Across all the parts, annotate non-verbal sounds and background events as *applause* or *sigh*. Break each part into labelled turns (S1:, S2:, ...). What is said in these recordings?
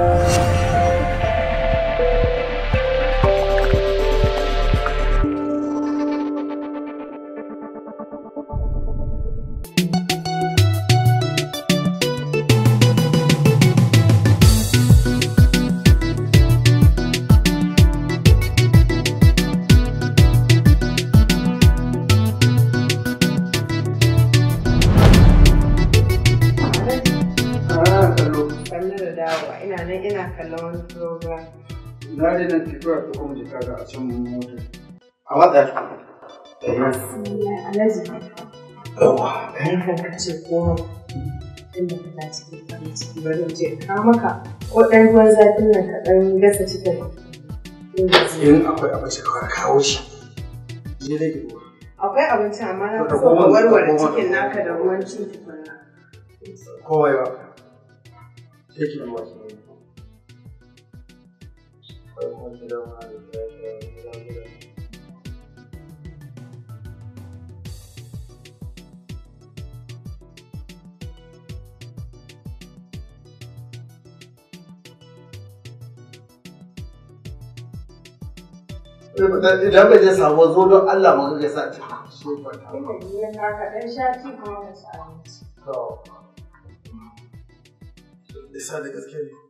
S1: Thank you. ina wani program. Na je nan tafiya ko kuma jika ga a can mota. A watsa shi. Alhaji. Yawa. Kai
S2: kan ka ce komai. Inda ka ta cikin farin ciki bari in ce ka maka ko ɗan ruwan zafin nan ka ɗan gasa cikin.
S1: In akwai abinci kawai kawo shi. Je dai ki
S2: Akwai abinci amma na fi ka warware cikin naka da ruwan cin tukunna.
S1: Kowai ba. Take ruwa. akwai kuma gidan wani idan je sabo zo don Allah ma ga sa ka kuma ka sa da gaske ne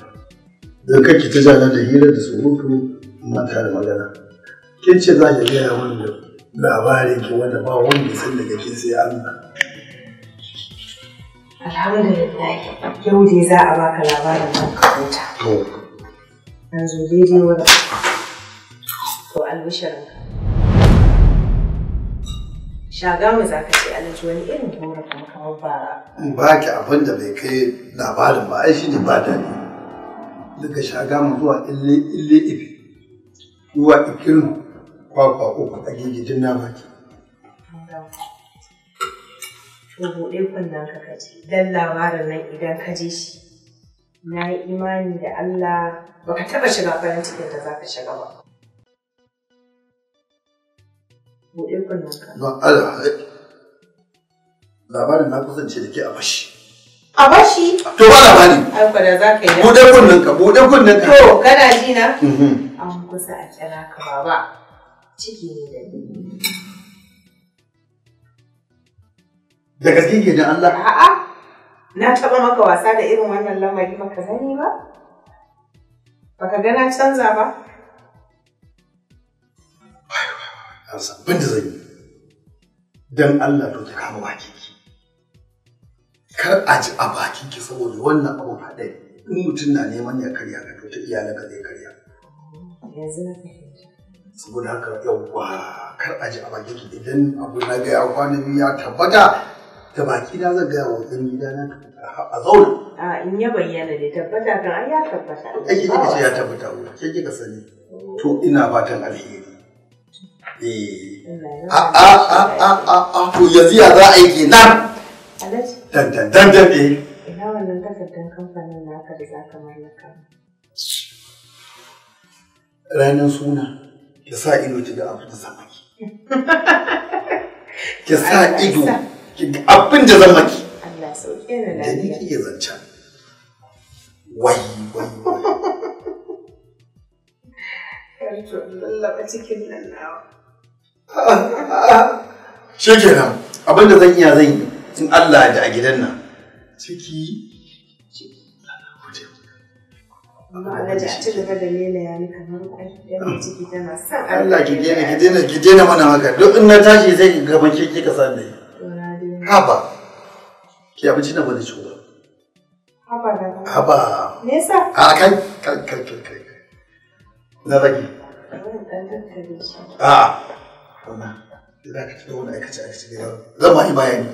S1: da kake ta jana da hira da surutu amma ta da magana ke ce za ki gaya wanda labarin ki wanda ba wanda san daga ke sai Allah
S2: alhamdulillah yau dai za a baka labarin nan ka huta Yanzu zo daidai wani to albishirin shaga mu za ka ce alaji wani irin horon kuma
S1: kamar fara. ba ki abin da bai kai labarin ba ai shi ne ba ne. daga shagamu zuwa ille ille ife zuwa ikirin kwakwa uku a gigijin na baki.
S2: To buɗe kunnen ka kaji, dan labarin nan idan ka je shi, na yi imani da Allah baka taba shiga farin cikin da za ka shiga ba.
S1: Buɗe kunnen ka. Ba Allah, labarin na kusance da ke a bashi.
S2: a bashi to ba na bani ai kwada za ka yi buɗe kunnen ka
S1: buɗe kunnen ka to
S2: kana ji na an kusa a kira ka baba ciki ne da
S1: da gaske ke jin Allah a'a
S2: na taɓa maka wasa da irin wannan lamari maka sani ba baka ga na canza ba
S1: an san bin da zan yi don Allah to ta kama baki ki kar a ji a bakin ki saboda wannan abun haɗe in mutum na neman ya karya ga ta ta iyalanka zai karya saboda haka yawwa kar a ji a bakin ki idan abu na ga ya kwana biyu ya tabbata ta baki na zan gaya wa ɗan gida na
S2: a zauna in ya bayyana da tabbata kan ai ya tabbata ake kika ce ya
S1: tabbata wa ke kika sani to ina fatan alheri eh a a a a a to yanzu ya za a yi kenan Alhaji dandan ɗaya. Eh.
S2: ina wannan takardar kamfanin naka da mallaka
S1: ranar suna ki sa ido ki ga abin da zan maki *laughs* ki sa ido ki ga abin da zan maki Allah sauke lafiya da ni kike zancan wai wai lallaba *laughs* abin da zan iya zan yi in Allah da a gidan nan ciki ah. Allah ki daina ki daina ki daina mana maka. duk in na tashi sai ki gaban ki kika san da haba ki abinci na shi ba. haba na haba me yasa a kai kai kai kai na zaki a wannan da ka ci da wani aikace aikace zan ma yi bayani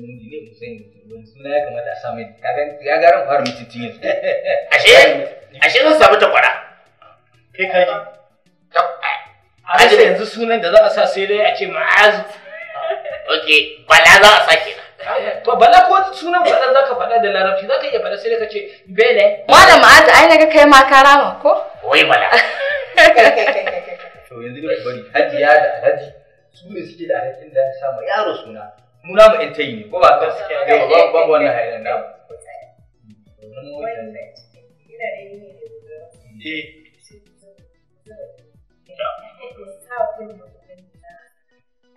S1: namiji ne ku sani ya a sa yanzu ashe da za a sa sai a ma'azu. Ok, bala za a sa kenan. To bala ko sunan faɗa za ka faɗa da larabci za ka iya faɗa sai ka ce bele. Wala ma'azu
S2: ai naga kai ma
S1: ka ko? Wai bala. To yanzu ne bari hajiya da alhaji su ne suke da alhakin da sama yaro suna. Muna na ta yi ko ba ka suke ne ba ba wannan hayar na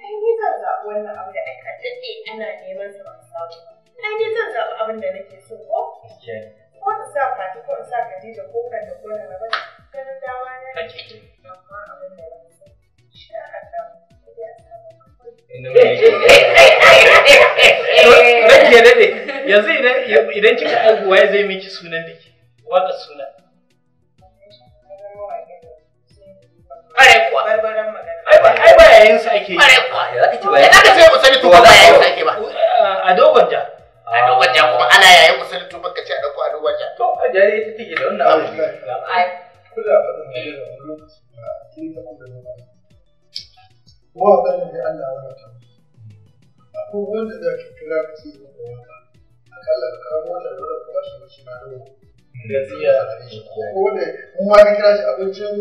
S2: Ai, zan zaɓi wannan abu da aka daɗe ana neman su ba samu. Ai, ni zan zaɓi abin da nake so ko? Ko in sa fati ko in sa Khadija ko kan da ko na gaba ganin dama na ne. Amma abin da ba sa. Sha Allah, ya samu. Inda mai eh,
S1: eh, eh, Rake daɗe, yanzu idan kika aihu waye zai miki sunan da ke, waƙar suna. Ai ba yayin sa ake yi. ba Ya zaka ce usali tuba ba yayin sa ake ba. A dogon ja. A dogon ja kuma ana yayin usali tuba ka ce a a dogon ja. To, a jari ta take da wannan abu. Ai. Kula ba da lokaci ba. Kuma a tsanin da Allah ya wata. ko wanda za ka kira ka ce ne da akalla ka kawo wanda da wanda kuma shi shi na dawo da tsiya a gare shi ko wanda mun ma kira shi abincin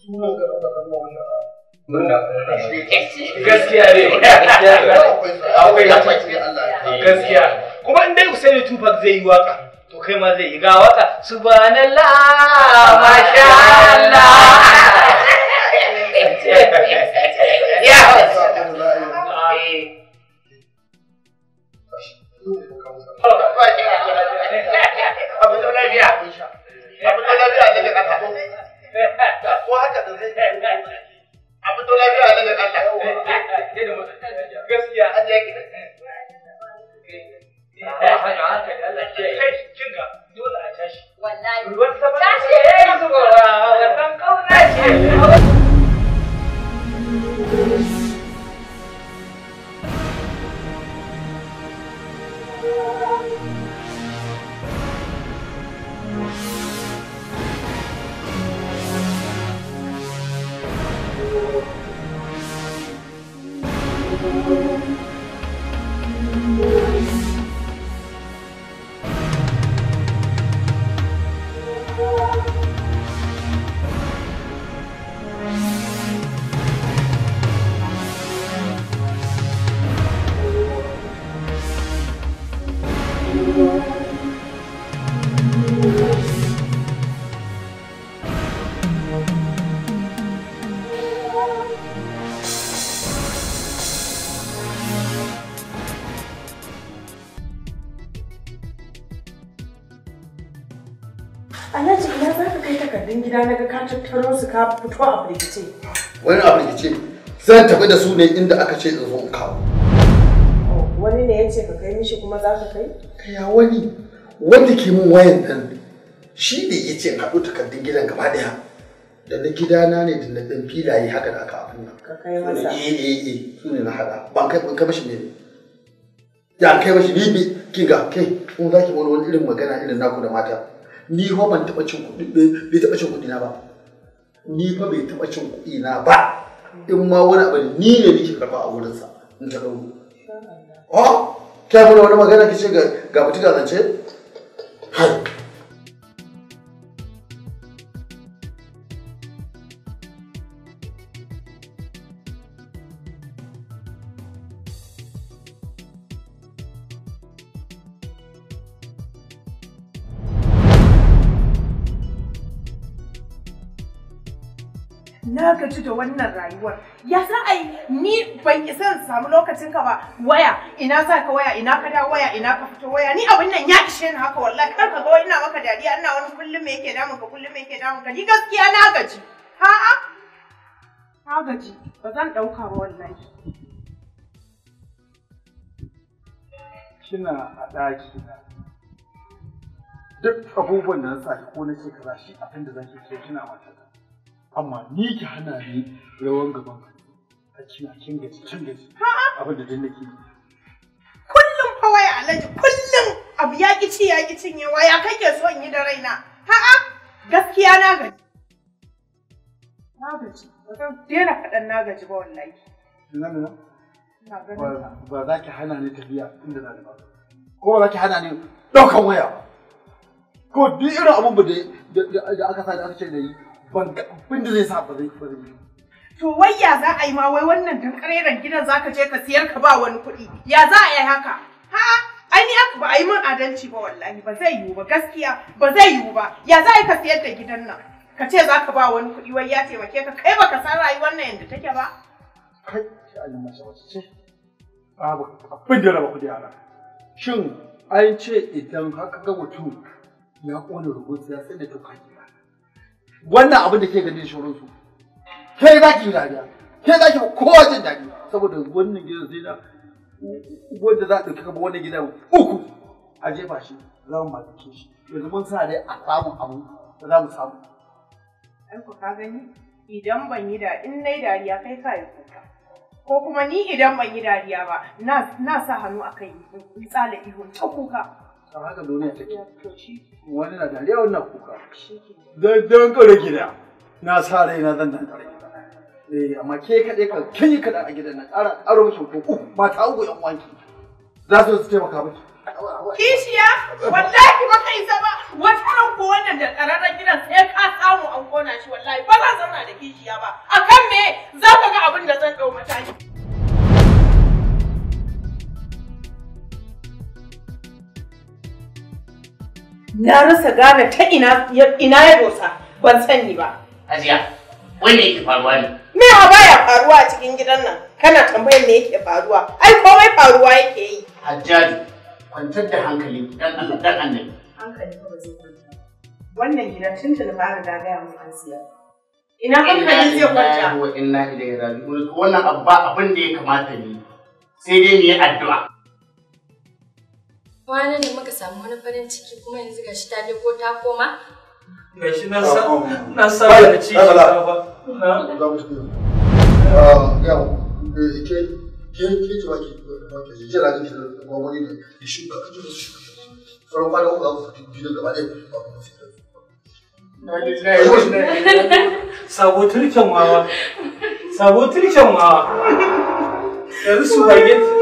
S1: sunan ka ɗauka kan wani a *laughs* gaskiya ne akwai gaskiya kuma in dai Usaini Tupac zai yi waka to kai ma zai yi ga waka
S2: subhanallah masha Allah
S1: yeah Abu da lafiya. Abu da lafiya. Abu da lafiya.
S2: tattaro su ka fito a firgice
S1: wani a zan tafi da su ne inda aka ce in zo in kawo
S2: wani ne ya ce ka kai mishi kuma za ka kai
S1: kaya wani wanda ke mun wayan nan shi ne ya ce haɗu takardun gidan gaba ɗaya da na gidana ne da na filaye haka da aka abin nan ka kai masa eh eh eh su ne na haɗa ban kai ban kai mashi ne ya kai mashi bibi kinga kai za zaki wani wani irin magana irin naku da mata ni ho ban taɓa cin kuɗi bai taɓa cin kuɗi na ba ni fa bai taɓa cin kuɗi na ba in ma wani abu ni ne nake karɓa a wurinsa in ta ɗau oh kai wani magana kace ga ga mutu ga zance hai
S2: da wannan rayuwar ya za a yi ni ban isa in samu lokacin ka ba waya ina za ka waya ina ka dawo waya ina ka fito waya ni abin nan ya ishe ni haka wallahi kar ka ga ina maka dariya ina wani kullum me yake damun ka kullum me yake damun ka ni gaskiya na gaji ha a na gaji ba zan dauka ba wallahi
S1: kina a ɗaki duk abubuwan da na sa ko na kaza shi abin da zan ke kina mata amma ni ki hana ni rawan gaban a kina cin gaji cin gaji abin da dinna ki kullum
S2: fa wai alaji kullum abu ya ki ci ya ki cinyewa ya kake so in yi da raina ha'a gaskiya na gaji na gaji ba zan daina faɗan na gaji ba wallahi
S1: ba za ki hana ni tafiya inda na ba ko ba za ki hana ni ɗaukan waya ko duk irin abin da aka sa da aka ce da yi ban ga abin da zai sa ba zai ba
S2: to wai ya za a yi ma wai wannan dankareren gidan zaka je ka siyar ka ba wani kuɗi ya za a yi haka ha ai ni ba a yi min adalci ba wallahi ba zai yiwu ba gaskiya ba zai yiwu ba ya za a yi ka siyar da gidan nan ka ce za ka ba wani kuɗi wai ya taimake ka kai baka san rayuwar nan yadda take
S1: ba kai ai mace wace ce babu abin da raba kuɗi a shin an ce idan haka ga mutum ya ƙone rubutu ya sai da ta wannan abin da ke gani shirin su kai za ki yi dariya kai za ki kowa jin dariya. saboda wannan gidan zai da wanda za a ɗauki kama wannan gidan uku a jefa shi za mu ke shi yanzu mun sa dai a samun abu da za mu samu.
S2: Ɗanku ka gani idan ban yi da in dai dariya kai ka yi kuka. Ko kuma ni idan ban yi dariya ba na sa hannu a kai tsala ihun ta kuka.
S1: don haka duniya take wani na dariya wani na kuka don kare gida na sa rai na zan dan kare gida eh, amma ke kaɗai ka kin yi kaɗa a gidan nan ƙara ƙaro miki ko uku mata uku yan wanki za su su taimaka miki
S2: kishiya wallahi baka isa ba wata ran ko wannan da ƙararren gidan sai ka samu an kona shi wallahi ba za zauna da kishiya ba akan me za ka ga abin da zan ɗau mataki Na rasa gane ta ina ya dosa ban sani ba.
S1: Hajiya, wai me yake faruwa ne?
S2: Me ma baya faruwa a cikin gidan nan? Kana tambayar me yake faruwa? Ai komai faruwa yake yi.
S1: Hajjaju, kwantar da hankali
S2: dan Allah dan Allah. Hankali ba zai kwanta. Wannan gida tun da ba riga ga mu an siya. Ina hankali zai kwanta?
S1: Inna ilaihi raji'un. Wannan abba abin da ya kamata ne. Sai dai mu yi addu'a.
S2: kwanan da muka samu wani farin ciki kuma yanzu gashi ta ko ta koma
S1: gashi na sa na sa da ci ba na ga mu ah ga eh, ke ke ke ki ba ki jira ne ki shuka ki shuka Sabo Sabo *laughs* Yanzu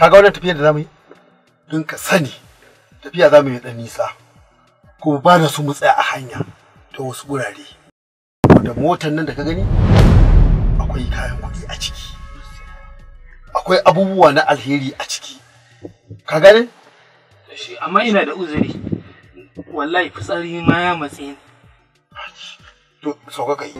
S1: kaga wannan tafiyar da zamu yi don ka sani tafiya za mu yi dan nisa ko ba na su a hanya ta wasu gurare da motar nan da ka gani akwai kayan kuɗi a ciki akwai abubuwa na alheri a ciki ka gane amma ina da uzuri wallahi fitsari ma ya matsayin. to sauka kai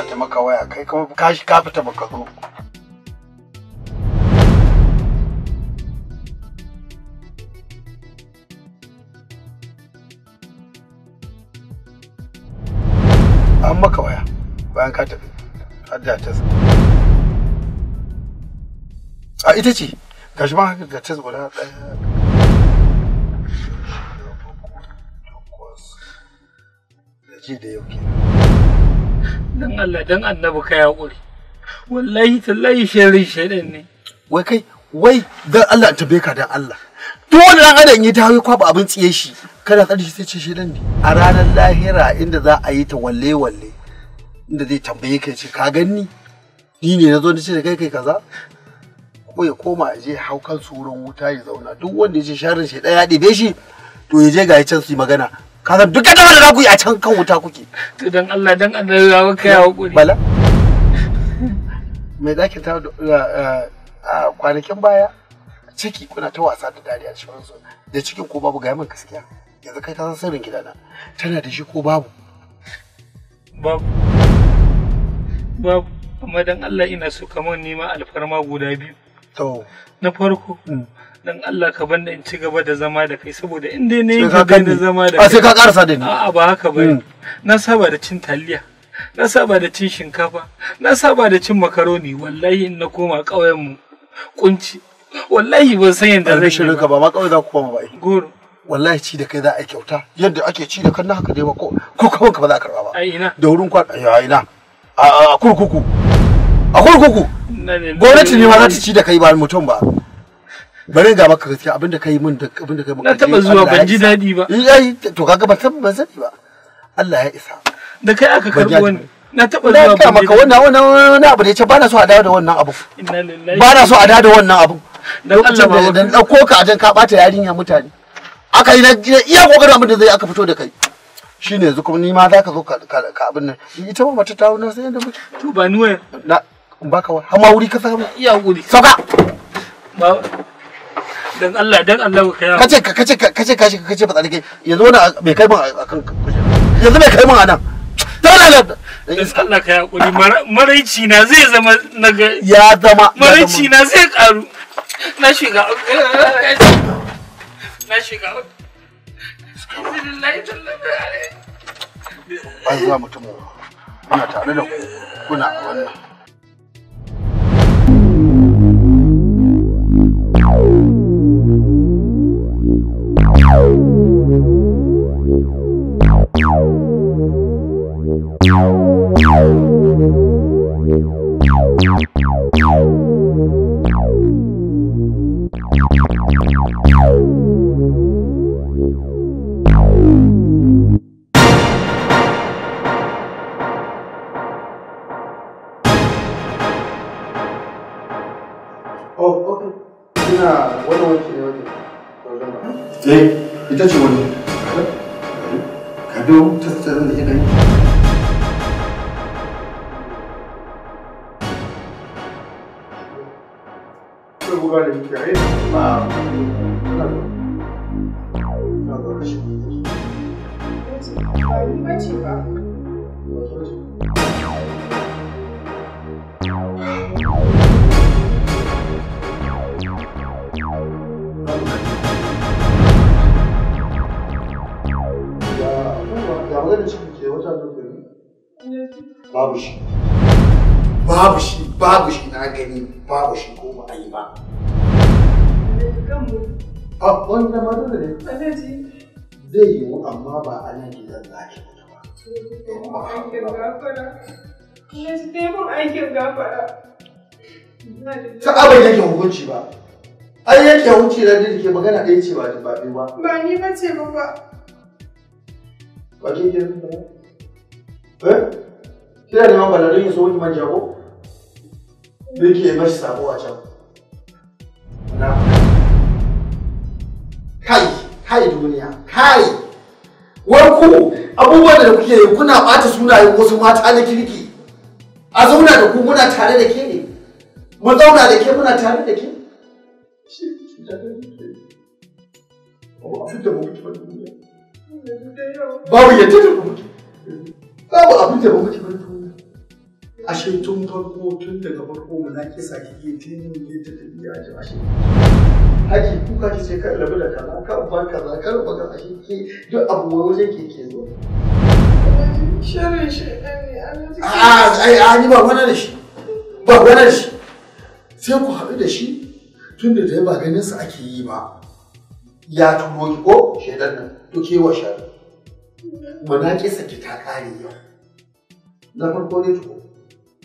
S1: ana ta maka waya kai kuma ka shi ka fita baka zo an maka waya bayan ka tafi har da ta a ita ce ga gashi ma ga ta guda ɗaya ji da yau kenan dan Allah dan annabi ka yaƙuri wallahi tallahi sharri ne wai kai wai dan Allah tabe ka dan Allah duk wanda dan adam ya dawo kwaba abin tsiye shi kada ka shi sai ce shaidan ne a ranar lahira inda za a yi ta walle walle inda zai tambaye ka ce ka ganni ni ne nazo ni ce kai kai kaza ko ya koma a je hau wurin wuta ya zauna duk wanda ya ce sharrin shi ɗaya ya ɗebe shi to ya je ga can su yi magana kaza duk da wanda za ku yi a can kan wuta kuke to dan Allah dan Allah za mu kai hakuri bala me zaki ta eh, eh, a kwanakin baya ciki kuna ta wasa da dariya shi wanzu da cikin ko babu ga min gaskiya yanzu kai ta san sirrin gidana tana da shi ko babu babu babu amma dan Allah ina so kamar nima alfarma guda biyu to na farko mm. dan Allah ka banda in ci gaba da zama da kai saboda in dai ne ka da zama da ah, kai sai ka karasa da ni a'a ba haka ba hmm. na saba da cin taliya na saba da cin shinkafa na saba da cin makaroni wallahi in na koma ƙauyen mu kunci wallahi ban san yadda zan shirin ka ba ma ƙauye za ku koma ba eh? goro wallahi ci da kai za a yi kyauta yadda ake ci da kan haka dai ba ko ko kawai ka ba za a karba ba a ina da wurin kwana a ina a kurkuku a kurkuku gwamnati ne ma za ta ci da kai ba mutum ba bari ga maka gaskiya abinda kai mun da abinda kai maka na taba zuwa ban ji dadi ba eh to kaga ba san ban sani ba Allah ya isa da kai aka karbi wani na taba zuwa ban maka wannan wannan wani abu ne ce bana so a dawo da wannan abu inna lillahi bana so a dawo da wannan abu dan Allah ba dan dauko ka ajan ka bata yarinya mutane aka yi na iya kokarin abinda zai aka fito da kai shine yanzu kuma ni ma za ka zo ka abin nan ita ma mata ta wuna sai yanda mu to ba ni waya na baka wa hama wuri ka samu iya wuri sauka dan Allah dan Allah ka yawo kace ka kace ka kace ka kace fa tsare yanzu wani bai kai mun akan yanzu bai kai mun anan dole ne Allah ka yakuri maraici na zai zama naga ya zama maraici na zai karu na shiga na shiga Ai zuwa mutum kuna tare da kuna a wannan. 好，OK。你那我都挺了解，都什么？eh ita ce wani kado ta tsarin da a wanda ma dole ne alhaji zai yiwu amma ba a nan gidan za ki mutu
S2: ba ta abin
S1: yake hukunci ba ai yake hukunci da ke magana ɗaya ce ba ba ba
S2: ba ni ba ce ba ba
S1: ba ke ke ba eh kira kina neman balarin ya so ki manja jago? me ke bashi sabo a can na kai kai duniya kai warku abubuwan da kuke yi bata ɓata sunayen wasu mata na kirki a zauna da ku muna tare da ke ne mu zauna da ke muna tare da ke babu yadda da babu abin da ba ashe tun farko tun daga farko mu na kisa ki yi tinin ne ta tafiya a ji ashe haji kuka ki ce kar rabu da kaza kan ba kaza kan ba kaza ashe ke duk abu wajen ke ke zo shirin shi ne a ni ba wani da shi ba wani da shi sai ku haɗu da shi tun da dai ba ganin sa ake yi ba ya turo ki ko shaidan nan to ke wa shari mu na kisa ki ta ƙare yau na farko ne tuko